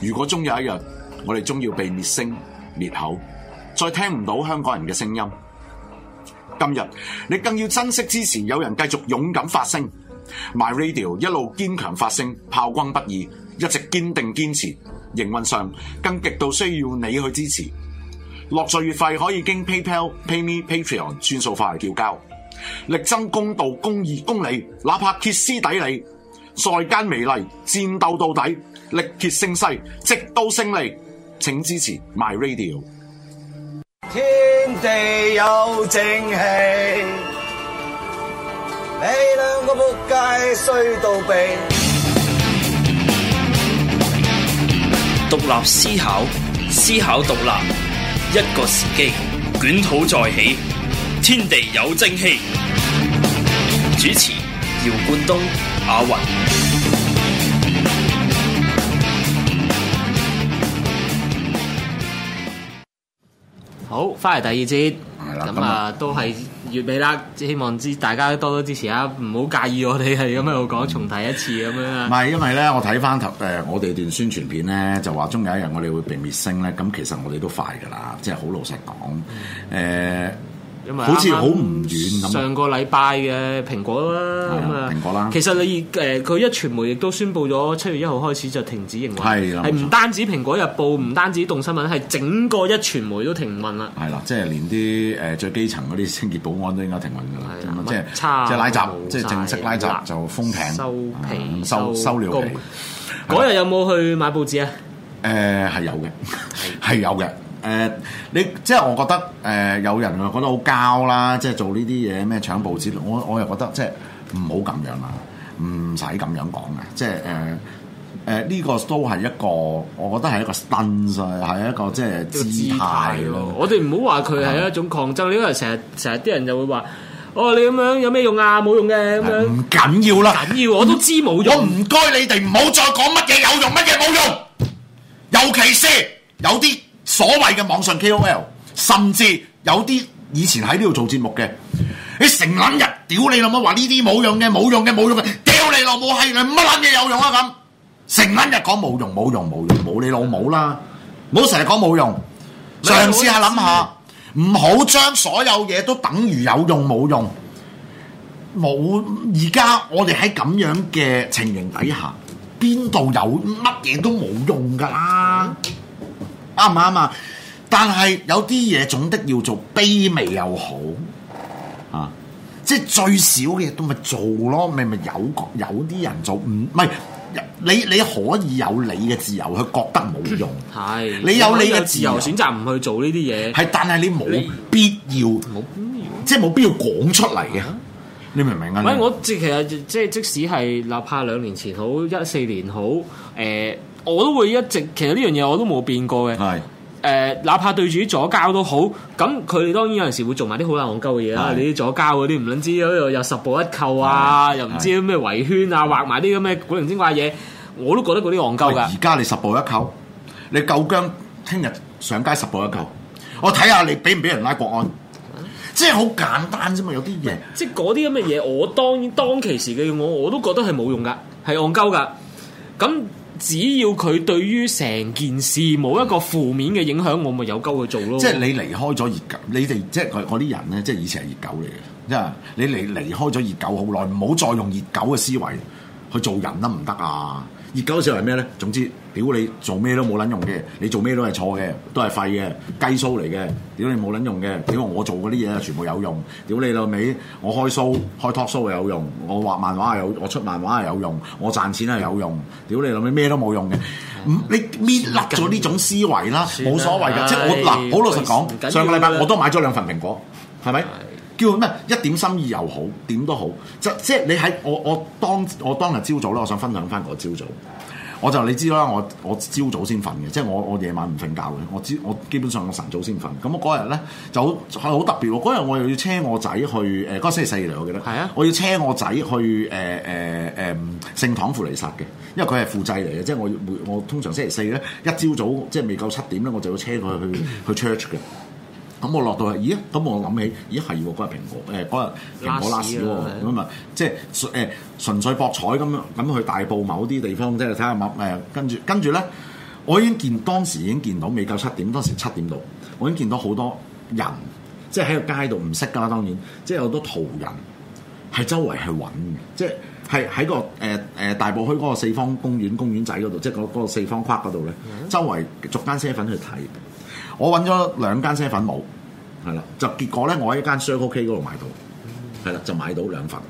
如果終有一日，我哋終要被滅聲滅口，再聽唔到香港人嘅聲音。今日你更要珍惜支持，有人繼續勇敢發聲，My Radio 一路堅強發聲，炮轟不已，一直堅定堅持。營運上更極度需要你去支持。落載月費可以經 PayPal、PayMe、Patreon 轉數化嚟繳交。力爭公道、公義、公理，哪怕歇斯底里，在間美麗，戰鬥到底。力竭聲勢，直到勝利。請支持 My Radio。天地有正氣，你兩個仆街衰到痹。獨立思考，思考獨立。一個時機，捲土再起。天地有正氣。主持：姚冠東、阿雲。好，翻嚟第二節，咁的啊，啊都係月尾啦，希望之大家多多支持啊！唔好介意我哋係咁喺度講重提一次咁樣。唔係，因為咧我睇翻頭誒，我哋段、呃、宣傳片咧就話終有一日我哋會被滅星咧，咁其實我哋都快㗎喇，即係好老實講誒。呃好似好唔遠咁，上個禮拜嘅蘋果啦，蘋果啦。其實你誒佢一傳媒亦都宣布咗七月一號開始就停止營運，係啦，係唔單止《蘋果日報》，唔單止《動新聞》，係整個一傳媒都停運啦。係啦，即係連啲誒最基層嗰啲清潔保安都應該停運㗎啦。即係即係拉閘，即係正式拉閘就封平收皮收收了。嗰日有冇去買報紙啊？誒係有嘅，係有嘅。誒、呃，你即係我覺得誒、呃，有人啊覺得好膠啦，即係做呢啲嘢咩搶報紙，我我又覺得即係唔好咁樣啦，唔使咁樣講嘅，即係誒誒呢個都係一個，我覺得係一,一,一個 stance，係一個即係姿態咯。我哋唔好話佢係一種抗爭，啊、因為成日成日啲人就會話，哦你咁樣有咩用啊？冇用嘅咁樣，唔緊要啦，唔緊要不我都知冇用，我唔該你哋唔好再講乜嘢有用乜嘢冇用，尤其是有啲。所謂嘅網上 KOL，甚至有啲以前喺呢度做節目嘅，欸、成你成撚日屌你老母話呢啲冇用嘅，冇用嘅，冇用嘅，屌你老母閪，你乜撚嘢有用啊咁？成撚日講冇用，冇用，冇用，冇你老母啦！唔好成日講冇用，嘗試下諗下，唔好將所有嘢都等於有用冇用，冇而家我哋喺咁樣嘅情形底下，邊度有乜嘢都冇用噶啦，啊？嗯啱唔啱啊？但係有啲嘢總得要做，卑微又好，啊，即係最少嘅嘢都咪做咯，咪咪有有啲人做，唔唔係，你你可以有你嘅自由，佢覺得冇用，係、嗯、你有你嘅自由選擇唔去做呢啲嘢，係但係你冇必要，冇必要，即係冇必要講出嚟嘅，你明唔明啊？喂，我其實即係即使係，哪怕兩年前好，一四年好，誒、呃。我都會一直，其實呢樣嘢我都冇變過嘅。係誒是、呃，哪怕對住啲左膠都好，咁佢哋當然有陣時會做埋啲好難戇鳩嘅嘢啦。你啲是左膠嗰啲唔撚知又又十步一扣啊，是又唔知咩是圍圈啊，畫埋啲咁嘅古靈精怪嘢，我都覺得嗰啲戇鳩㗎。而家你十步一扣，你夠薑，聽日上街十步一扣，我睇下你俾唔俾人拉國安，啊、即係好簡單啫嘛。有啲嘢，即係嗰啲咁嘅嘢，我當然當其時嘅我我都覺得係冇用㗎，係戇鳩㗎。咁只要佢對於成件事冇一個負面嘅影響， 我咪有鳩去做咯。即係你離開咗熱狗，你哋即係我啲人咧，即係以前係熱狗嚟嘅，即係你離離開咗熱狗好耐，唔好再用熱狗嘅思維去做人得唔得啊？熱狗嘅時候係咩咧？總之，屌你做咩都冇撚用嘅，你做咩都係錯嘅，都係廢嘅，雞騷嚟嘅。屌你冇撚用嘅，屌我做嗰啲嘢啊全部有用。屌你老味，我開騷開 talk show 有用，我畫漫畫又，有，我出漫畫又有用，我賺錢又有用。屌你老味，咩都冇用嘅，你搣甩咗呢種思維啦，冇了所謂嘅。哎、即係我嗱，好、哎、老實講，上個禮拜我都買咗兩份蘋果，係咪的叫咩一點心意又好，點都好。就即係你喺我我，我當我當，我當日朝早咧，我想分享翻嗰朝早。我就你知啦，我我朝早先瞓嘅，即係我我夜晚唔瞓覺嘅，我朝我，我基本上我晨早先瞓。咁我嗰日咧就好好特別喎，嗰日我又要車我仔去誒，嗰、呃、個星期四嚟我記得，係啊，我要車我仔去誒誒誒聖堂輔彌撒嘅，因為佢係輔祭嚟嘅。即係我我，我通常星期四咧一朝早即係未夠七點咧，我就要車佢去 去 church 嘅。咁我落到去，咦？咁我諗起，咦？係喎，嗰日蘋果，誒、呃，嗰日蘋果拉屎喎，咁啊，即係誒純粹博彩咁樣，咁去大埔某啲地方，即係睇下乜，跟住，跟住咧，我已經見當時已經見到，未夠七點，當時七點度，我已經見到好多人，即係喺個街度唔識噶啦，當然，即係好多途人喺周圍去揾嘅，即係喺個誒誒、呃呃、大埔區嗰個四方公園公園仔嗰度，即係嗰個四方框嗰度咧，嗯、周圍逐間車粉去睇，我揾咗兩間車粉冇。係啦，就結果咧，我喺一間 Circle K 嗰度買到，係啦，就買到兩份，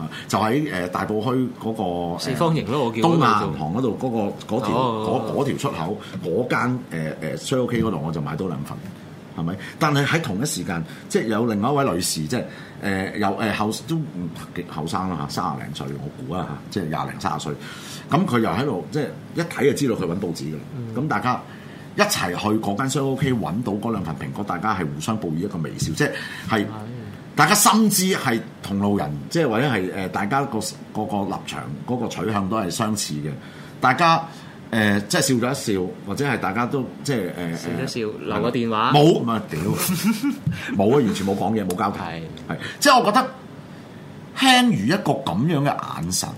啊，就喺誒、呃、大埔墟嗰、嗰個四方形咯，我叫、呃、東亞銀行嗰度嗰個嗰條出口嗰、嗯、間誒誒 Circle K 嗰度，我就買到兩份，係咪、嗯？但係喺同一時間，即係有另外一位女士，即係誒又誒後都幾後生啦嚇，卅、嗯、零歲我估啊，嚇，即係廿零卅歲，咁佢又喺度即係一睇就知道佢搵報紙嘅，咁大家。嗯一齊去嗰間商 O K 揾到嗰兩份蘋果，大家係互相報以一個微笑，即係大家心知係同路人，即係或者係誒、呃、大家個，個個立場嗰個取向都係相似嘅。大家誒、呃、即係笑咗一笑，或者係大家都即係誒、呃、笑一笑是留個電話，冇咁啊屌冇啊完全冇講嘢冇交談，係 是即係我覺得輕如一個咁樣嘅眼神，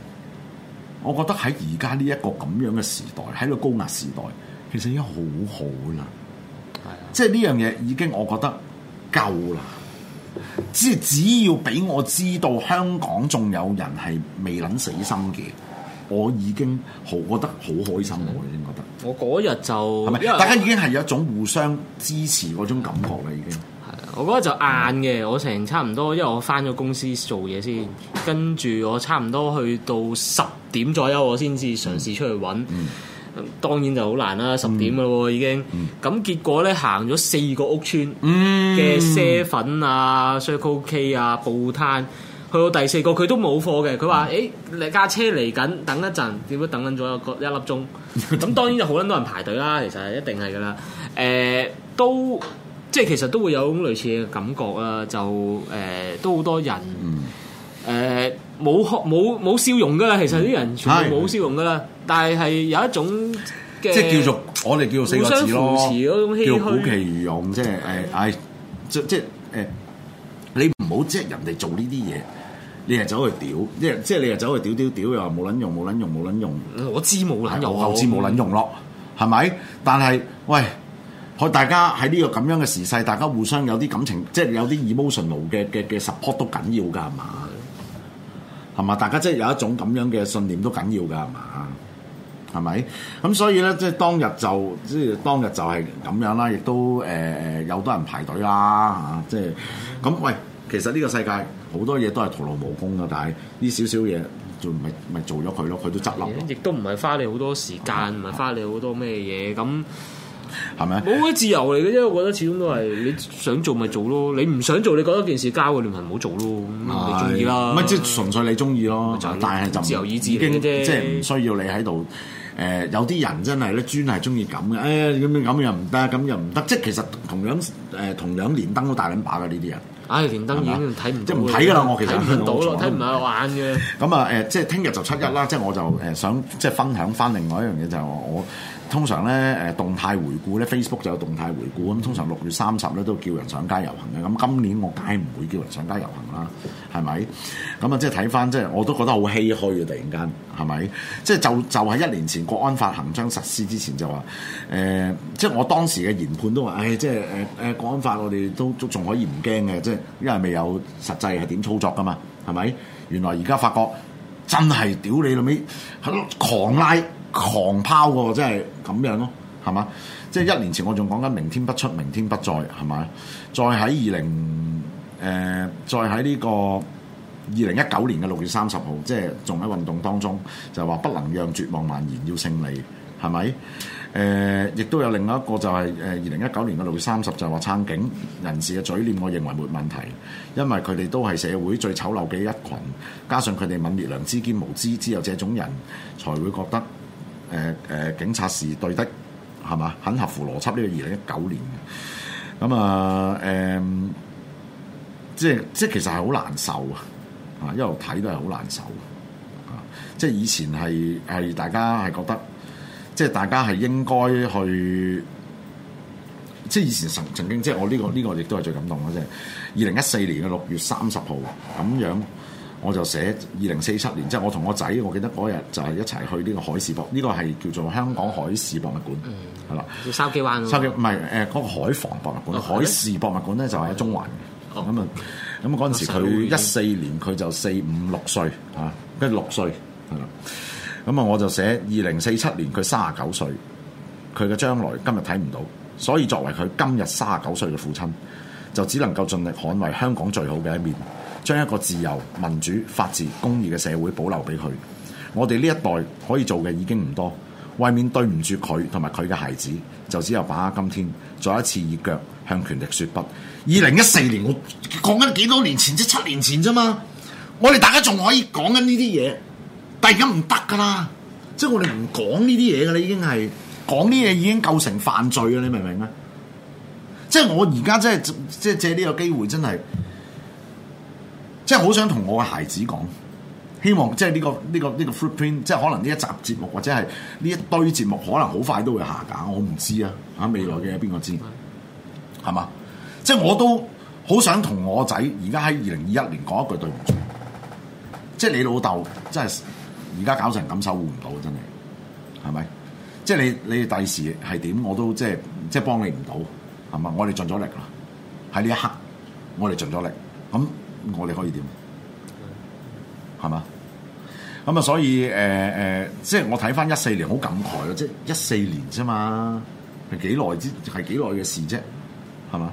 我覺得喺而家呢一個咁樣嘅時代，喺個高壓時代。其實已經好好啦，啊、即係呢樣嘢已經我覺得夠啦。即係只要俾我知道香港仲有人係未能死心嘅，我已經好覺得好開心。啊、我已經覺得，我嗰日就係咪？因為大家已經係有一種互相支持嗰種感覺啦。已經係啊！我覺得就晏嘅，啊、我成日差唔多，因為我返咗公司做嘢先，跟住我差唔多去到十點左右，我先至嘗試出去揾。嗯嗯當然就好難啦，十點啦喎已經，咁、嗯嗯、結果咧行咗四個屋村嘅啡粉啊、Circle、嗯、K 啊、報攤，去到第四個佢都冇貨嘅，佢話：誒架、嗯、車嚟緊，等一陣，點解等緊咗個一粒鐘？咁 當然就好撚多人排隊啦，其實一定係噶啦，誒、呃、都即係其實都會有類似嘅感覺啦，就誒、呃、都好多人，誒、嗯。呃冇冇冇笑容噶啦，其實啲人全部冇笑容噶啦。嗯、但係係有一種即係叫做我哋叫做四個字，互相扶持叫好奇愚勇、嗯哎，即係誒，唉、哎，即即誒，你唔好即係人哋做呢啲嘢，你又走去屌，即係即係你又走去屌屌屌，又話冇卵用冇卵用冇卵用。用用我知冇卵用，我後知冇卵用咯，係咪？但係喂，我大家喺呢個咁樣嘅時勢，大家互相有啲感情，即係有啲 emotional 嘅嘅嘅 support 都緊要噶，係嘛？係嘛？大家即係有一種咁樣嘅信念都緊要㗎，係嘛？係咪？咁所以咧，即係當日就即係當日就係咁樣啦，亦都誒誒有多人排隊啦嚇、啊，即係咁。喂，其實呢個世界好多嘢都係徒勞無功㗎，但係呢少少嘢就唔係咪做咗佢咯？佢都執笠。亦都唔係花你好多時間，唔係、啊、花你好多咩嘢咁。係咪？冇乜自由嚟嘅，因為我覺得始終都係你想做咪做咯，你唔想做，你覺得件事交個聯盟唔好做咯，你中意啦。乜即係純粹你中意咯，但係就自由意志啫，即係唔需要你喺度。誒，有啲人真係咧，專係中意咁嘅，誒咁樣咁又唔得，咁又唔得，即係其實同樣誒同樣連登都大撚把嘅呢啲人。唉，連登已經睇唔即唔睇㗎啦，我其實唔睇到咯，睇唔到玩嘅。咁啊誒，即係聽日就七一啦，即係我就誒想即係分享翻另外一樣嘢就係我。通常咧誒動態回顧咧，Facebook 就有動態回顧咁。通常六月三十咧都叫人上街遊行嘅。咁今年我梗係唔會叫人上街遊行啦，係咪？咁啊，即係睇翻，即係我都覺得好唏噓嘅。突然間係咪？即係就就喺一年前國安法行將實施之前就話誒，即係我當時嘅研判都話，誒即係誒誒國安法我哋都仲可以唔驚嘅，即係因為未有實際係點操作噶嘛，係咪？原來而家發覺真係屌你老味，喺度狂拉！狂拋喎，即係咁樣咯，係嘛？即係一年前我仲講緊明天不出，明天不在，係咪？再喺二零誒，再喺呢個二零一九年嘅六月三十號，即係仲喺運動當中，就話不能讓絕望蔓延，要勝利，係咪？誒、呃，亦都有另一個就係誒二零一九年嘅六月三十，就話撐警人士嘅嘴臉，我認為沒問題，因為佢哋都係社會最醜陋嘅一群，加上佢哋泯滅良知兼無知，只有這種人才會覺得。誒誒，警察是對的，係嘛？很合乎邏輯呢個二零一九年嘅。咁啊誒、嗯，即係即係其實係好難受啊！啊一路睇都係好難受啊！即係以前係係大家係覺得，即係大家係應該去，即係以前曾曾經，即係我呢個呢個亦都係最感動嘅，即係二零一四年嘅六月三十號咁樣。我就寫二零四七年，即、就、係、是、我同我仔，我記得嗰日就係一齊去呢個海事博，呢、這個係叫做香港海事博物館，係啦、嗯，吧叫筲箕灣？筲箕唔係誒？嗰、那個海防博物館、哦、海事博物館咧就係喺中環嘅。咁啊、哦，咁嗰陣時佢一四年佢、嗯、就四五六歲啊，跟住六歲係啦。咁啊，我就寫二零四七年佢三十九歲，佢嘅將來今日睇唔到，所以作為佢今日三十九歲嘅父親，就只能夠盡力捍衛香港最好嘅一面。將一個自由、民主、法治、公義嘅社會保留俾佢，我哋呢一代可以做嘅已經唔多，為免對唔住佢同埋佢嘅孩子，就只有把握今天再一次以腳向權力雪筆說不。二零一四年我講緊幾多年前，即七年前咋嘛？我哋大家仲可以講緊呢啲嘢，但而家唔得㗎啦，即係我哋唔講呢啲嘢㗎啦，已經係講呢嘢已經構成犯罪㗎，你明唔明啊？即係我而家真係即係借呢個機會真係。即係好想同我嘅孩子講，希望即係呢個呢個呢個 footprint，即係可能呢一集節目或者係呢一堆節目，可能好快都會下架，我唔知啊！啊，未來嘅邊個知？係嘛？即係我都好想同我仔而家喺二零二一年講一句對唔住，即係你老豆真係而家搞成咁守護唔到，真係係咪？即係你你第時係點我都即係即係幫你唔到係嘛？我哋盡咗力啦，喺呢一刻我哋盡咗力咁。我哋可以點？係嘛？咁啊，所以誒誒、呃呃，即係我睇返一四年好感慨咯，即係一四年啫嘛，係幾耐之，係幾耐嘅事啫，係嘛？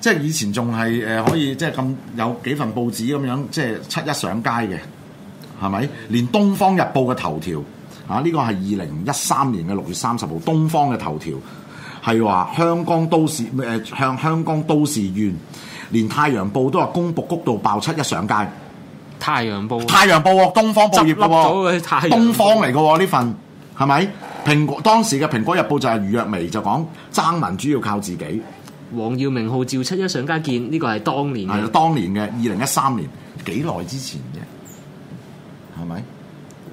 即係以前仲係誒可以，即係咁有幾份報紙咁樣，即係七一上街嘅，係咪？連《東方日報》嘅頭條啊，呢、這個係二零一三年嘅六月三十號，《東方》嘅頭條係話香港都市誒、呃、向香港都市怨。連《太陽報》都話公僕谷度爆七一上街。《太陽報》《太陽報》東方報業嘅東方嚟嘅呢份係咪？蘋果當時嘅《蘋果日報》就係余若薇就講，爭民主要靠自己。黃耀明號召七一上街見呢、這個係當年嘅，當年嘅二零一三年，幾耐之前嘅，係咪？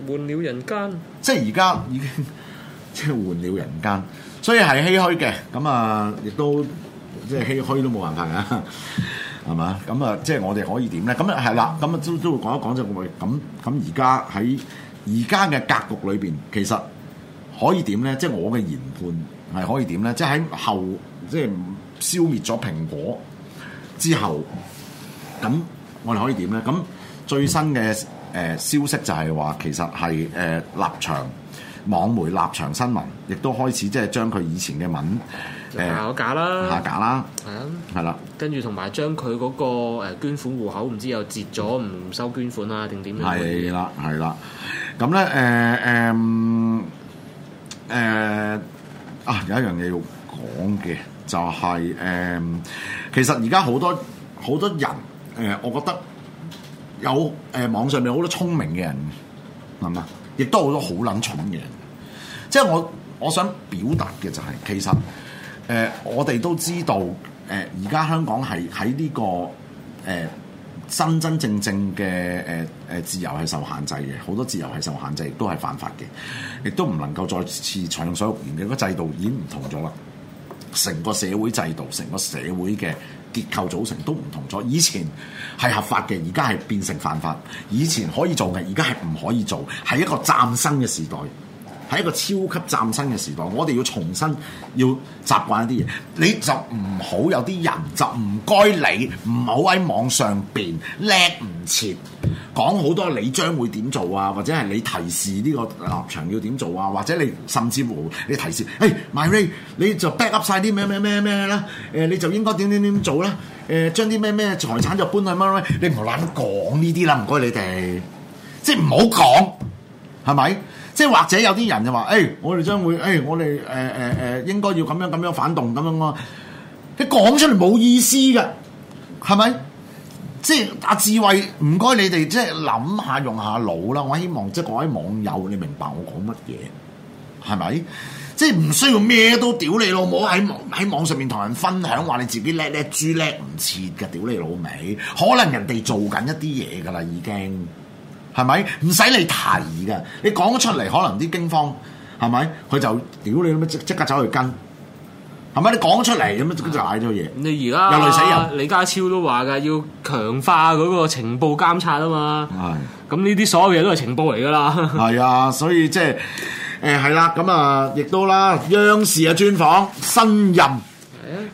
換了人間，即係而家已經即係換了人間，所以係唏噓嘅。咁啊，亦都。即係唏噓都冇辦法㗎，係 嘛吧？咁啊、嗯，即、嗯、係、嗯、我哋可以點咧？咁 啊、嗯，係、嗯、啦，咁啊都都會講一講就咁。咁而家喺而家嘅格局裏邊，其實可以點咧？即、就、係、是、我嘅研判係可以點咧？即係喺後，即、就、係、是、消滅咗蘋果之後，咁我哋可以點咧？咁最新嘅誒、呃、消息就係話，其實係誒、呃、立場網媒立場新聞，亦都開始即係將佢以前嘅文。下架啦，下架啦，係、嗯、啊，係啦，跟住同埋將佢嗰個捐款戶口唔知又截咗，唔收捐款啊，定點樣、啊？係啦、啊，係啦、啊，咁咧誒誒誒啊，有一樣嘢要講嘅就係、是、誒、呃，其實而家好多好多人誒、呃，我覺得有誒、呃、網上面好多聰明嘅人係咪？亦都好多好撚蠢嘅人，即係我我想表達嘅就係、是、其實。誒、呃，我哋都知道，誒而家香港係喺呢個誒、呃、真真正正嘅誒誒自由係受限制嘅，好多自由係受限制，都係犯法嘅，亦都唔能夠再次暢所欲言嘅個制度，已經唔同咗啦。成個社會制度，成個社會嘅結構組成都唔同咗。以前係合法嘅，而家係變成犯法。以前可以做嘅，而家係唔可以做，係一個嶄新嘅時代。喺一個超級嶄新嘅時代，我哋要重新要習慣一啲嘢。你就唔好有啲人就唔該你，唔好喺網上邊叻唔切，講好多你將會點做啊，或者係你提示呢個立場要點做啊，或者你甚至乎你提示，誒、hey, MyRay 你就 back up 曬啲咩咩咩咩啦，誒、呃、你就應該點點點做啦、啊，誒、呃、將啲咩咩財產就搬去 MyRay 你唔好懶講呢啲啦，唔該你哋，即係唔好講，係咪？即係或者有啲人就話：誒、欸，我哋將會，誒、欸，我哋誒誒誒，應該要咁樣咁樣反動咁樣咯。你講出嚟冇意思㗎，係咪？即係阿、啊、智慧，唔該你哋即係諗下用下腦啦。我希望即係各位網友，你明白我講乜嘢，係咪？即係唔需要咩都屌你老母喺網喺網上面同人分享話你自己叻叻豬叻唔切㗎，屌你老味，可能人哋做緊一啲嘢㗎啦，已經。係咪唔使你提噶？你講出嚟可能啲警方，係咪？佢就屌你咁樣，即即刻走去跟，係咪？你講出嚟咁樣就嗌咗嘢。你而家又累死人李家超都話噶，要強化嗰個情報監察啊嘛。咁呢啲所有嘢都係情報嚟噶啦。係 啊，所以即係誒，係、呃、啦，咁啊，亦都啦，央視啊專訪新任，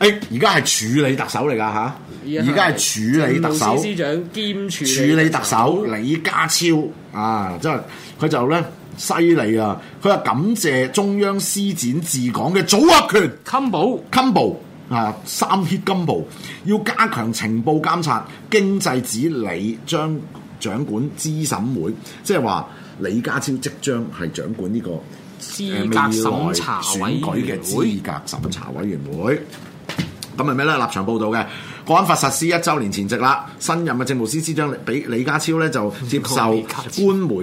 誒的，而家係處理特首嚟噶吓。而家係處理特首，司，司長兼處理處理特首李家超啊，即係佢就咧犀利啊！佢話感謝中央施展治港嘅組合拳，combo combo 啊，三鐵 combo，要加強情報監察，經濟指理將掌管資審會，即係話李家超即將係掌管呢、呢個資格審查選舉嘅資格審查委員會。咁係咩咧？立場報道，嘅。國安法實施一周年前夕啦，新任嘅政務司司長俾李,李家超咧就接受官媒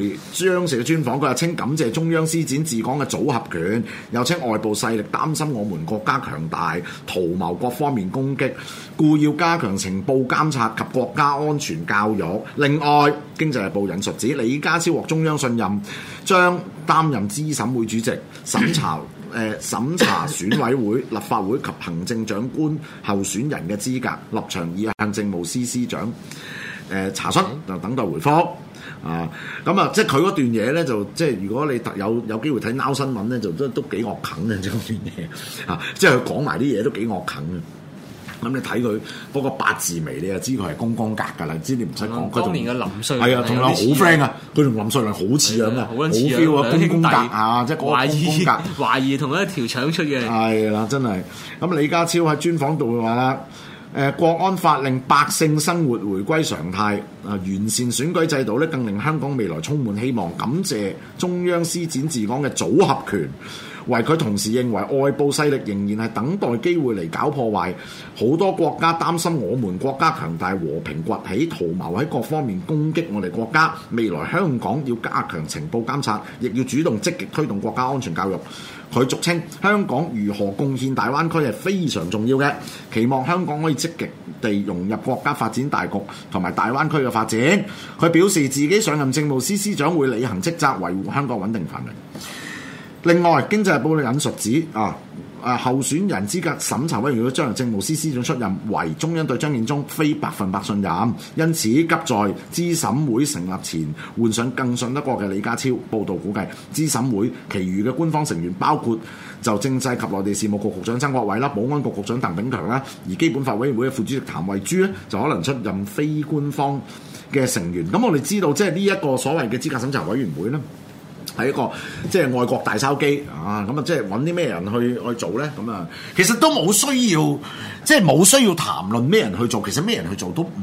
央視嘅專訪，佢又稱感謝中央施展治港嘅組合拳，又稱外部勢力擔心我們國家強大，圖謀各方面攻擊，故要加強情報監察及國家安全教育。另外，《經濟日報》引述指，李家超獲中央信任，將擔任資審會主席審查。誒，審查選委會、立法會及行政長官候選人嘅資格立場，而行政務司司長，誒查詢就等待回覆啊！咁啊，即係佢嗰段嘢咧，就即係如果你特有有機會睇《Now 新聞》咧，就都都幾惡啃嘅，嗰段嘢啊！即係佢講埋啲嘢都幾惡啃嘅。咁你睇佢嗰個八字眉，你就知佢係公公格噶啦。你知你唔使講，佢當年嘅林瑞，係啊，同埋好 friend 啊。佢同林瑞良好似啊，咁啊，好 feel 啊，公、啊啊、公格啊，即係嗰個懷疑同一條腸出嘅、嗯。係、嗯、啦、嗯啊，真係。咁、嗯、李家超喺專訪度話啦，誒、嗯，國安法令，百姓生活回歸常態啊，完善選舉制度咧，更令香港未來充滿希望。感謝中央施展治港嘅組合拳。為佢同時認為外部勢力仍然係等待機會嚟搞破壞，好多國家擔心我們國家強大和平崛起，圖謀喺各方面攻擊我哋國家。未來香港要加強情報監察，亦要主動積極推動國家安全教育。佢續稱香港如何貢獻大灣區係非常重要嘅，期望香港可以積極地融入國家發展大局同埋大灣區嘅發展。佢表示自己上任政務司司長會履行職責，維護香港穩定繁榮。另外，《經濟報》嘅引述指，啊，啊，候選人資格審查委員會將由政務司司長出任，唯中央對張建宗非百分百信任，因此急在資審會成立前換上更信得過嘅李家超。報道估計，資審會其餘嘅官方成員包括就政制及內地事務局局，局長曾國偉啦，保安局局長鄧炳強啦，而基本法委員會嘅副主席譚慧珠咧，就可能出任非官方嘅成員。咁我哋知道，即係呢一個所謂嘅資格審查委員會咧。係一個即係外國大炒機啊！咁啊，即係揾啲咩人去去做咧？咁啊，其實都冇需要，即係冇需要談論咩人去做，其實咩人去做都唔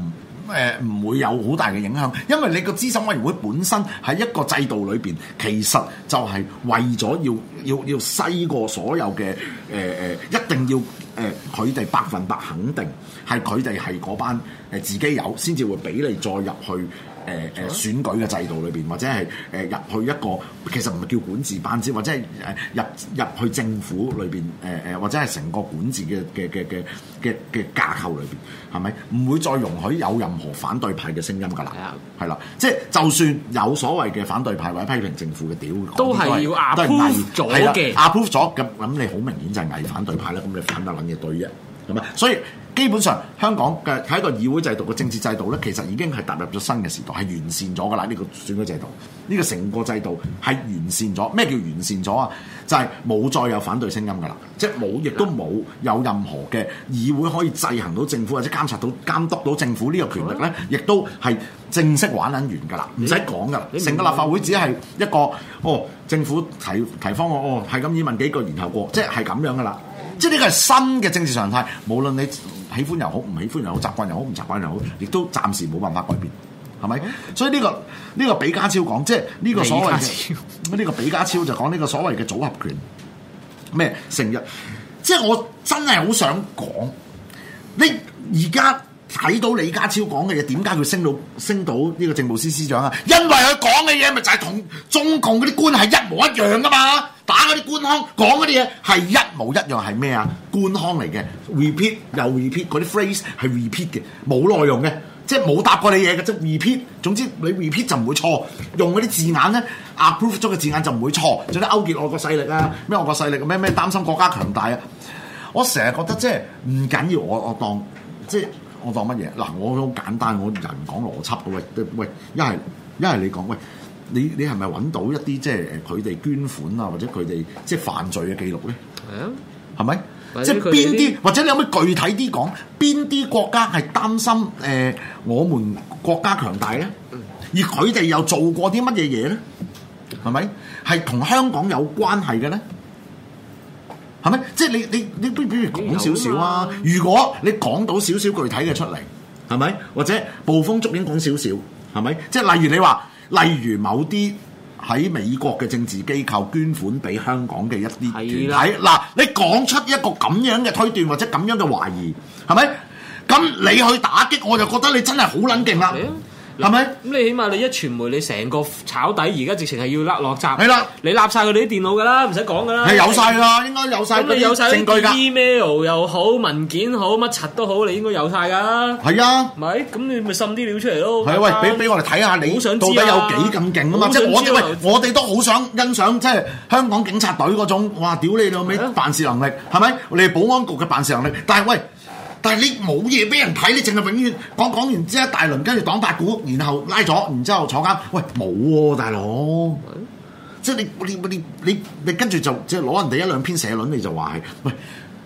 誒唔會有好大嘅影響，因為你個資審委員會本身喺一個制度裏邊，其實就係為咗要要要篩過所有嘅誒誒，一定要誒佢哋百分百肯定係佢哋係嗰班誒自己有，先至會俾你再入去。誒誒、呃、選舉嘅制度裏邊，或者係誒、呃、入去一個其實唔係叫管治班子，或者係誒入入去政府裏邊，誒、呃、誒或者係成個管治嘅嘅嘅嘅嘅架構裏邊，係咪唔會再容許有任何反對派嘅聲音㗎啦？係啦，即係就算有所謂嘅反對派或者批評政府嘅，屌都係要 approve 咗嘅 approve 咗咁，咁你好明顯就係偽反對派啦。咁你反得就撚嘅對一係嘛？所以。基本上香港嘅，喺一個議會制度嘅政治制度咧，其實已經係踏入咗新嘅時代，係完善咗噶啦。呢、這個選舉制度，呢、這個成個制度係完善咗。咩叫完善咗啊？就係、是、冇再有反對聲音噶啦，即係冇，亦都冇有任何嘅議會可以制衡到政府或者監察到監督到政府呢個權力咧，亦都係正式玩捻完噶啦，唔使講噶啦。成個立法會只係一個哦，政府提提方案，哦，係咁以問幾個然後過，即係係咁樣噶啦。即係呢個係新嘅政治常態，無論你。喜歡又好，唔喜歡又好，習慣又好，唔習慣又好，亦都暫時冇辦法改變，係咪？嗯、所以呢、呢個呢個李家超講，即係呢個所謂嘅呢個李家超就講呢個所謂嘅組合拳咩？成日、嗯、即係我真係好想講，你而家。睇到李家超講嘅嘢，點解佢升到升到呢個政務司司長啊？因為佢講嘅嘢咪就係、是、同中共嗰啲官係一模一樣噶嘛！打嗰啲官腔，講嗰啲嘢係一模一樣，係咩啊？官腔嚟嘅 repeat 又 repeat 嗰啲 phrase 係 repeat 嘅，冇內容嘅，即係冇答過你嘢嘅，即係 repeat。總之你 repeat 就唔會錯，用嗰啲字眼咧 approve 咗個字眼就唔會錯。仲有勾結外國勢力啊，咩外國勢力、啊，咩咩擔心國家強大啊！我成日覺得即係唔緊要，我我當即係。我當乜嘢嗱？我好簡單，我人講邏輯。喂，喂，一係一係你講，喂，你你係咪揾到一啲即係佢哋捐款啊，或者佢哋即係犯罪嘅記錄咧？係啊，係咪？即係邊啲？或者你有咩具體啲講？邊啲國家係擔心誒、呃、我們國家強大咧？嗯、而佢哋又做過啲乜嘢嘢咧？係咪？係同香港有關係嘅咧？係咪？即係你你你，你不如講少少少啊！啊如果你講到少少具體嘅出嚟，係咪？或者暴風捉影講少少，係咪？即係例如你話，例如某啲喺美國嘅政治機構捐款俾香港嘅一啲團體，嗱，的你講出一個咁樣嘅推斷或者咁樣嘅懷疑，係咪？咁你去打擊，我就覺得你真係好捻勁啦！係咪？咁你起碼你壹傳媒，你成個炒底而家直情係要甩落閘，係啦，你笠晒佢哋啲電腦㗎啦，唔使講㗎啦，係有晒㗎，應該有晒，你有晒證據㗎？email 又好，文件好，乜柒都好，你應該有晒㗎。係啊，係咁你咪滲啲料出嚟咯。係啊，喂，俾俾我哋睇下，你好想知到底有幾咁勁啊嘛！即係我哋，喂，我哋都好想欣賞，即係香港警察隊嗰種，哇！屌你老味辦事能力係咪？你保安局嘅辦事能力，但係喂。但係你冇嘢俾人睇，你淨係永遠講講完之後一大輪，跟住擋八股，然後拉咗，然之後坐監。喂，冇喎、啊，大佬喂，即係你你你你你跟住就即係攞人哋一兩篇社論，你就話係，喂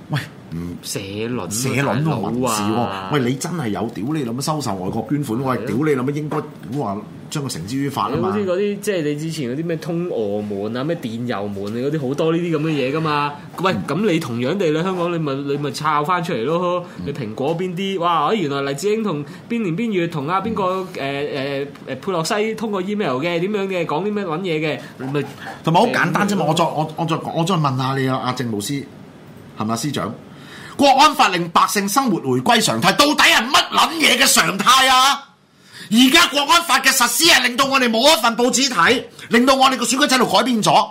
喂，唔、嗯、社論、啊，社論都文字，啊、喂，你真係有屌你諗收受外國捐款，我話的屌你諗應該咁話。將佢繩之於法咯，好似嗰啲即係你之前嗰啲咩通俄門啊、咩電郵門嗰啲，好多呢啲咁嘅嘢噶嘛？喂、嗯，咁你同樣地咧，香港你咪你咪抄翻出嚟咯？嗯、你蘋果邊啲？哇！原來黎智英同邊年邊月同阿邊個誒誒誒佩洛西通過 email 嘅，點樣嘅講啲咩揾嘢嘅？唔咪同埋好簡單啫嘛、嗯我我我！我再我我再我再問下你啊，阿政務司係咪司師、啊、長，國安法令百姓生活回歸常態，到底係乜撚嘢嘅常態啊？而家國安法嘅實施係令到我哋冇一份報紙睇，令到我哋個選舉制度改變咗，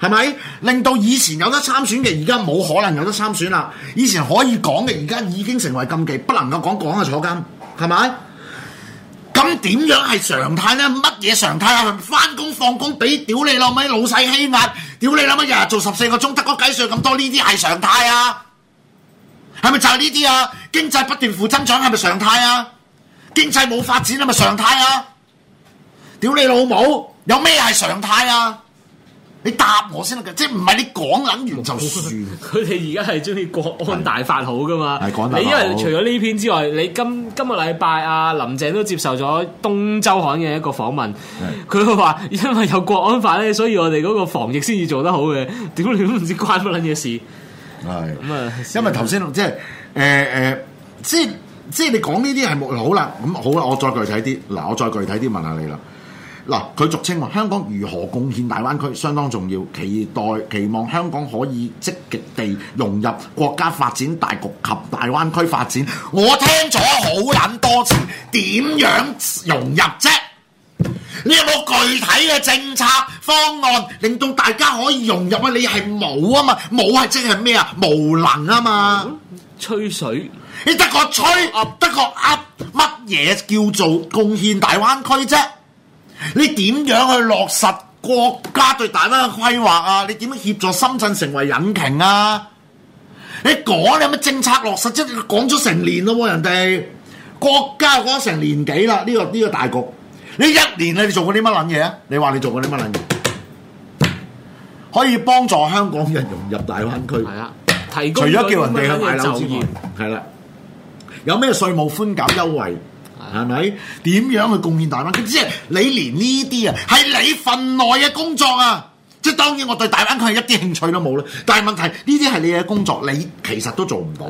係咪？令到以前有得參選嘅，而家冇可能有得參選啦。以前可以講嘅，而家已經成為禁忌，不能夠講，講嘅坐監，係咪？咁點樣係常態咧？乜嘢常態啊？翻工放工俾屌你老味，老細欺壓，屌你老味，日日做十四個鐘，得個計數咁多，呢啲係常態啊？係咪就係呢啲啊？經濟不斷負增長係咪常態啊？經濟冇發展啊嘛？常態啊！屌你老母，有咩係常態啊？你答我先得㗎，即係唔係你講捻完就輸。佢哋而家係中意國安大法好噶嘛？係國安大法好。你因為除咗呢篇之外，你今今個禮拜啊，林鄭都接受咗東周刊嘅一個訪問，佢會話，因為有國安法咧，所以我哋嗰個防疫先至做得好嘅。屌你都唔知關乜捻嘢事。係咁啊，因為頭先即係誒誒，即係。呃呃即即係你講呢啲係冇啦，咁、嗯、好啦，我再具體啲，嗱我再具體啲問下你啦。嗱，佢俗稱話香港如何貢獻大灣區相當重要，期待期望香港可以積極地融入國家發展大局及大灣區發展。我聽咗好撚多次，點樣融入啫？你有冇具體嘅政策方案令到大家可以融入啊？你係冇啊嘛，冇係即係咩啊？無能啊嘛，吹水。你得個吹，得個噏，乜嘢叫做貢獻大灣區啫？你點樣去落實國家對大灣區規劃啊？你點樣協助深圳成為引擎啊？你講你有乜政策落實啫？講咗成年咯喎，人哋國家講咗成年幾啦？呢個呢個大局，你一年你哋做過啲乜捻嘢啊？你話你做過啲乜捻嘢？可以幫助香港人融入大灣區，係啦，除咗叫人哋去買樓之外，係啦。有咩稅務寬減優惠係咪？點樣去貢獻大灣區？即係你連呢啲啊，係你份內嘅工作啊！即係當然，我對大灣區係一啲興趣都冇啦。但係問題呢啲係你嘅工作，你其實都做唔到。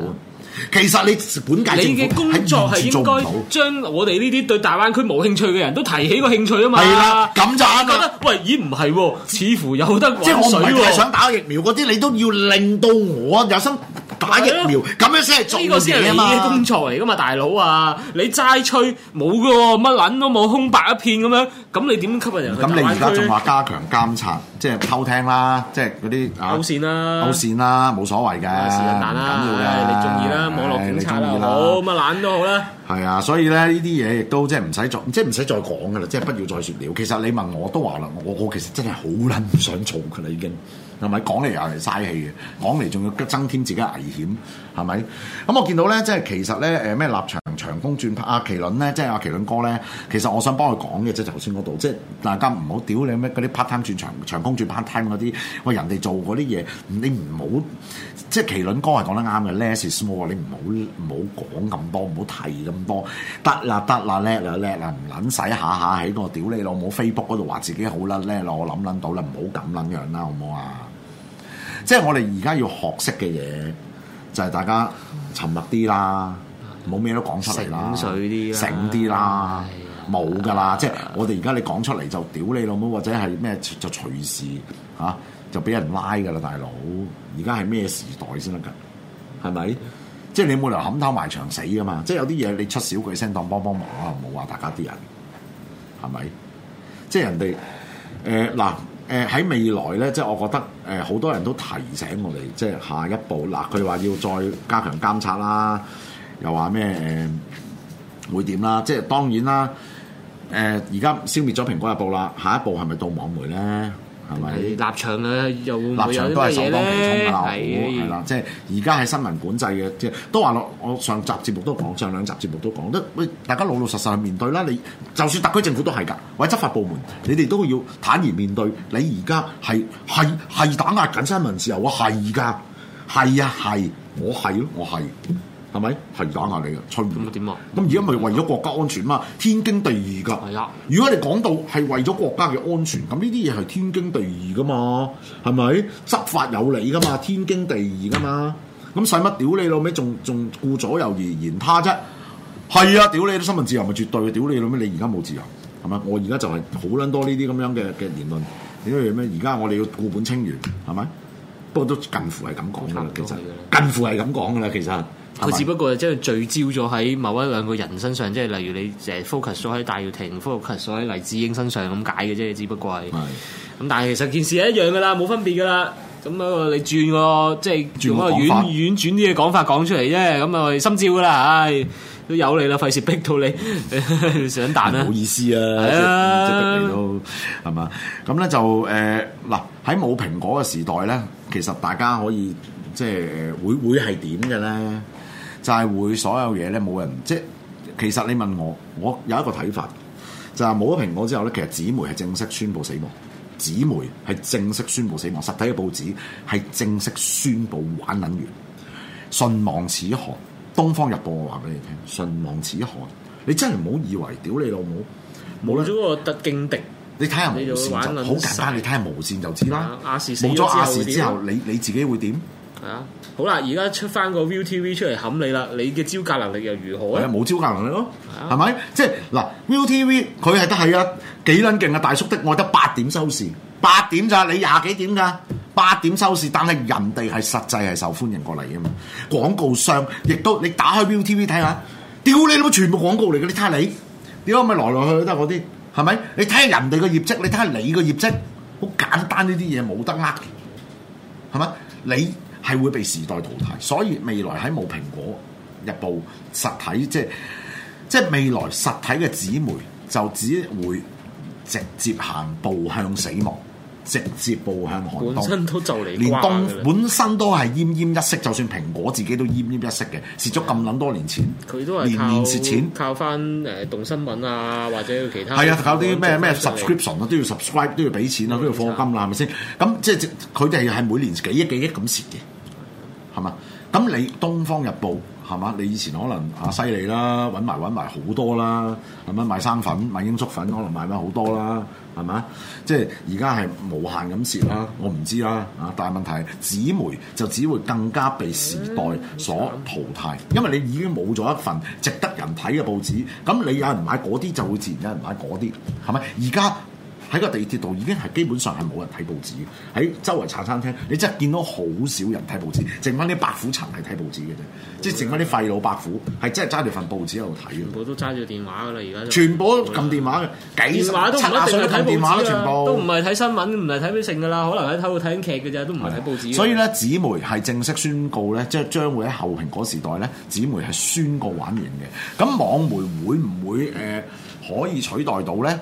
其實你本屆政府嘅工作係應該將我哋呢啲對大灣區冇興趣嘅人都提起個興趣啊嘛。係啦、啊，咁就、啊、覺得喂，咦唔係喎，似乎有得、啊、即係我唔係想打疫苗嗰啲，你都要令到我有心。打疫苗咁樣先係做。呢個先係你嘅工作嚟噶嘛，大佬啊！你齋吹冇噶喎，乜撚都冇，空白一片咁樣，咁你點吸引人去打？咁你而家仲話加強監察，即係偷聽啦，即係嗰啲勾線啦，勾線啦，冇所謂嘅，難啦，緊要嘅，你中意啦，網絡警察好，乜撚都好啦。係啊，所以咧呢啲嘢亦都即係唔使再即係唔使再講噶啦，即係不要再説了。其實你問我都話啦，我我其實真係好撚唔想嘈噶啦，已經。同埋講嚟又係嘥氣嘅，講嚟仲要增添自己危險，係咪？咁我見到咧，即係其實咧，誒咩立場長空轉拍阿奇輪咧，即係阿奇輪哥咧，其實我想幫佢講嘅，即係頭先嗰度，即係大家唔好屌你咩嗰啲 part time 轉長長空轉 part time 嗰啲，喂人哋做嗰啲嘢，你唔好即係奇輪哥係講得啱嘅，less is more 你唔好唔好講咁多，唔好提咁多，得啦得啦，叻啦叻啦，唔撚使下下喺個屌你老母 Facebook 嗰度話自己好叻咧，我諗諗到啦，唔好咁撚樣啦，好唔好啊？即係我哋而家要學識嘅嘢，就係，是，大家沉默啲啦，冇咩都講出嚟啦，醒水啲啦，醒啲啦，冇噶的啦！的即係我哋而家你講出嚟就屌你老母，或者係咩就隨時嚇、啊，就俾人拉噶啦，大佬！而家係咩時代先得噶？係咪？的即係你冇理由冚唞埋牆死噶嘛！即係有啲嘢你出少句聲當幫，幫幫忙，冇話大家啲人係咪？即係人哋誒嗱。呃誒喺、呃、未來咧，即係我覺得誒好、呃、多人都提醒我哋，即係下一步嗱，佢話要再加強監察啦，又話咩、呃、會點啦？即係當然啦，誒而家消滅咗蘋果日報啦，下一步係咪到網媒咧？係咪立場咧、啊？又會唔會有啲咩咧？立場都係首當其衝㗎啦。係啦的，即係而家係新聞管制嘅，即係都話我我上集節目都講，上兩集節目都講，得喂大家老老實實面對啦。你就算特區政府都係㗎，或者執法部門，你哋都要坦然面對你。你而家係係係打壓緊新聞自由，我係㗎，係啊係，我係咯，我係。我係咪係打壓你嘅？吹唔咁點啊？咁而家咪為咗國家安全啊嘛？天經地義噶。係啊！如果你講到係為咗國家嘅安全，咁呢啲嘢係天經地義噶嘛？係咪？執法有理噶嘛？天經地義噶嘛？咁使乜屌你老味？仲仲顧左右而言他啫？係啊！屌你啲新聞自由咪絕對？屌你老味！你而家冇自由係嘛？我而家就係好捻多呢啲咁樣嘅嘅言論。點解要咩？而家我哋要固本清源係咪？不過都近乎係咁講噶啦，其實近乎係咁講噶啦，其實。近乎佢只不過即係聚焦咗喺某一兩個人身上，即係例如你誒 focus 咗喺戴耀廷，focus 咗喺黎智英身上咁解嘅啫。只不過咁，mm hmm. 但係其實件事係一樣噶啦，冇分別噶啦。咁不過你轉個即係咁啊，就是、轉個轉個遠遠轉啲嘅講法講出嚟啫。咁啊，心照噶啦，唉、哎，都有你啦，費事逼到你 想彈了，冇意思啊，係嘛、啊？咁咧就誒嗱，喺、呃、冇蘋果嘅時代咧，其實大家可以即係會會係點嘅咧？就係會所有嘢咧，冇人即係其實你問我，我有一個睇法，就係冇咗蘋果之後咧，其實紙媒係正式宣布死亡，紙媒係正式宣布死亡，實體嘅報紙係正式宣布玩捻完，唇亡齒寒。《東方日報》我話俾你聽，唇亡齒寒。你真係唔好以為屌你老母，冇咗個特經敵，你睇下無線就好簡單，你睇下無線就知啦。冇咗亞視之後，你你自己會點？係啊，好啦，而家出翻個 ViuTV 出嚟冚你啦，你嘅招架能力又如何咧？冇招架能力咯，係咪、啊？即係嗱 ViuTV 佢係得係啊幾捻勁嘅大叔的愛，我得八點收視，八點咋？你廿幾點噶？八點收視，但係人哋係實際係受歡迎過嚟嘅嘛？廣告商亦都，你打開 ViuTV 睇下，屌你老母全部廣告嚟嘅，你睇下你，點解咪來來去去都係嗰啲？係咪？你睇下人哋嘅業績，你睇下你嘅業績，好簡單呢啲嘢冇得呃，係咪？你。係會被時代淘汰，所以未來喺冇蘋果日報實體，即係即係未來實體嘅紙媒就只會直接行步向死亡。直接步向寒冬，本身都就嚟關嘅。連東本身都係奄奄一息，就算蘋果自己都奄奄一息嘅，蝕咗咁撚多年錢，佢都係，年年蝕錢，靠翻誒動新聞啊，或者其他係啊，靠啲咩咩 subscription 啊，都要 subscribe，都要俾錢啊，嗯、都要課金啦、啊，係咪先？咁即係佢哋係每年幾億幾億咁蝕嘅，係嘛？咁你《東方日報》係嘛？你以前可能啊犀利啦，揾埋揾埋好多啦，係咪賣生粉、賣罌粟粉，可能賣翻好多啦？係咪？即係而家係無限咁蝕啦，我唔知啦啊！但係問題係紙媒就只會更加被時代所淘汰，因為你已經冇咗一份值得人睇嘅報紙，咁你有人買嗰啲就會自然有人買嗰啲，係咪？而家。喺個地鐵度已經係基本上係冇人睇報紙。喺周圍茶餐廳，你真係見到好少人睇報紙，剩翻啲白虎層係睇報紙嘅啫，對 即係剩翻啲廢老白虎係真係揸住份報紙喺度睇嘅。全部都揸住電話噶啦，而家全部撳電話嘅，幾十七廿歲睇電話，全部都唔係睇新聞，唔係睇咩性噶啦，可能喺睇部睇緊劇嘅咋，都唔係睇報紙。所以咧，紙媒係正式宣告咧，即係將會喺後蘋果時代咧，紙媒係宣告玩完嘅。咁網媒會唔會誒、呃、可以取代到咧？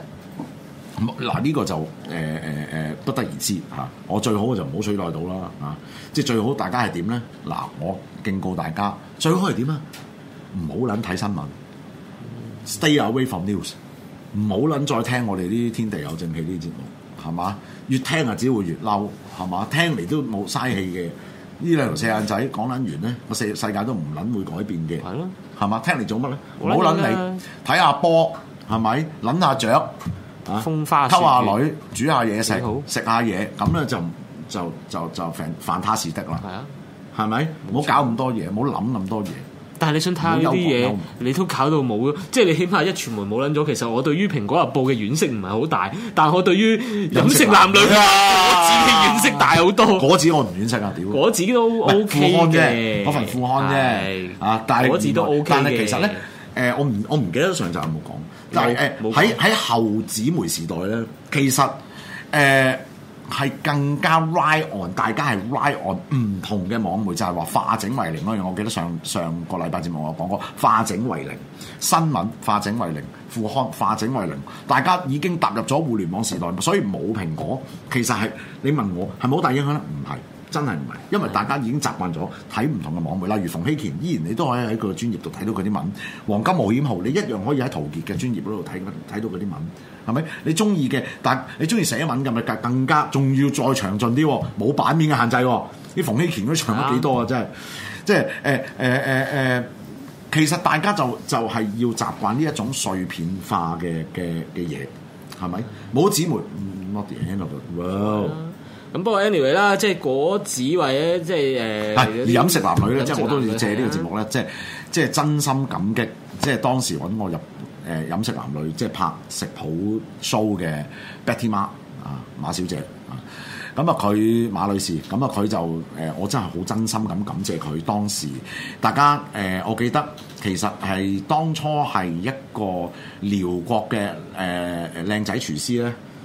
嗱呢個就誒誒誒不得而知嚇、啊，我最好就唔好期待到啦啊！即係最好大家係點咧？嗱、啊，我警告大家，最好係點啊？唔好撚睇新聞、嗯，stay away from news，唔好撚再聽我哋呢啲天地有正氣呢啲節目，係嘛？越聽啊，只會越嬲，係嘛？聽嚟都冇嘥氣嘅，呢兩條四眼仔講撚完咧，個世世界都唔撚會改變嘅，係咯、嗯，係嘛？聽嚟做乜咧？唔好撚你，睇下波，係咪撚下雀。 啊！溝下女，煮下嘢食，食下嘢，咁咧就就就就凡他事的啦。係啊，係咪吧？唔好沒錯 搞咁多嘢，唔好諗咁多嘢。但係你想睇下啲嘢，都有你都搞到冇，即係你起碼一傳媒冇撚咗。其實我對於蘋果日報嘅惋惜唔係好大，但係我對於飲食男女嘅果子嘅惋惜大好多、啊啊。果子我唔惋惜啊！屌，果子都 O K 嘅，嗰份副刊啫的啊！但係果子都 O K 嘅。但係其實咧，誒，我唔我唔記得上集有冇講。但係誒喺喺後紙媒時代咧，其實誒係、呃、更加 ride on，大家係 ride on 唔同嘅網媒，就係、係、話化整為零咯。我記得上上個禮拜節目我講過，化整為零新聞，化整為零副刊，化整為零，大家已經踏入咗互聯網時代，所以冇蘋果，其實係你問我係冇大影響咧，唔係。真係唔係，因為大家已經習慣咗睇唔同嘅網媒，例如馮晞乾依然，你都可以喺佢嘅專業度睇到佢啲文。黃金冒險號，你一樣可以喺陶傑嘅專業嗰度睇睇到佢啲文，係咪？你中意嘅，但你中意寫文嘅咪更加，仲要再詳盡啲，冇版面嘅限制。啲馮晞乾都詳得幾多啊？真係， 即係誒誒誒誒，其實大家就就係、是、要習慣呢一種碎片化嘅嘅嘅嘢，係咪？冇紙媒，摸啲嘢喺度，哇！咁不過 anyway 啦，即係果子位咧，即係誒。係、呃。而飲食男女咧，女即係我都要借呢個節目咧，是啊、即係即係真心感激，即係當時揾我入誒、呃、飲食男女，即係拍食譜 show 嘅 Betty 馬啊，馬小姐啊，咁啊佢馬女士，咁啊佢就誒、啊，我真係好真心咁感謝佢當時。大家誒、呃，我記得其實係當初係一個寮國嘅誒靚仔廚師咧。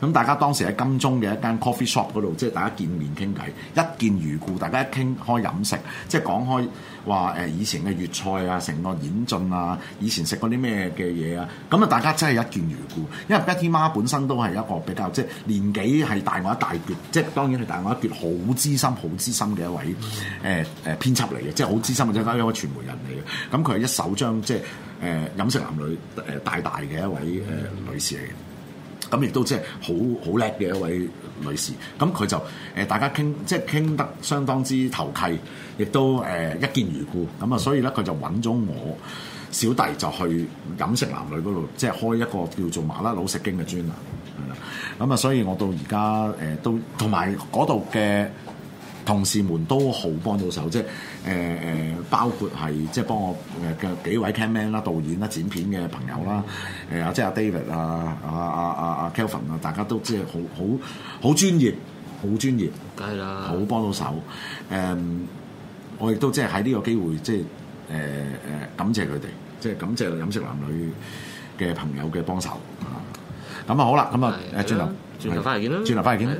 咁大家當時喺金鐘嘅一間 coffee shop 嗰度，即係大家見面傾偈，一見如故。大家一傾開飲食，即係講開話誒以前嘅粵菜啊，成個演進啊，以前食過啲咩嘅嘢啊，咁啊大家真係一見如故。因為 Betty 媽本身都係一個比較即係年紀係大我一大段，即係當然係大我一段好資深、好資深嘅一位誒誒、呃、編輯嚟嘅，即係好資深或者係一個傳媒人嚟嘅。咁佢係一手將即係誒、呃、飲食男女誒帶大嘅一位誒、呃、女士嚟嘅。咁亦都即係好好叻嘅一位女士，咁佢就誒、呃、大家傾，即係傾得相當之投契，亦都誒、呃、一見如故，咁啊，所以咧佢就揾咗我小弟就去飲食男女嗰度，即係開一個叫做麻辣佬食經嘅專欄，係啦，咁啊，所以我到而家誒都同埋嗰度嘅同事們都好幫到手，即係。誒誒、呃，包括係即係幫我誒嘅、呃、幾位 camman 啦、導演啦、剪片嘅朋友啦，誒阿、 呃、即阿 David 啊、啊啊啊啊 Kelvin 啊，Calvin，大家都即係好好好專業，好專業，梗係啦，好幫到手。誒、嗯，我亦都即係喺呢個機會，即係誒誒感謝佢哋，即係感謝飲食男女嘅朋友嘅幫手啊。咁啊好啦，咁啊，誒轉頭，轉頭返嚟見啦，轉頭返嚟見啦。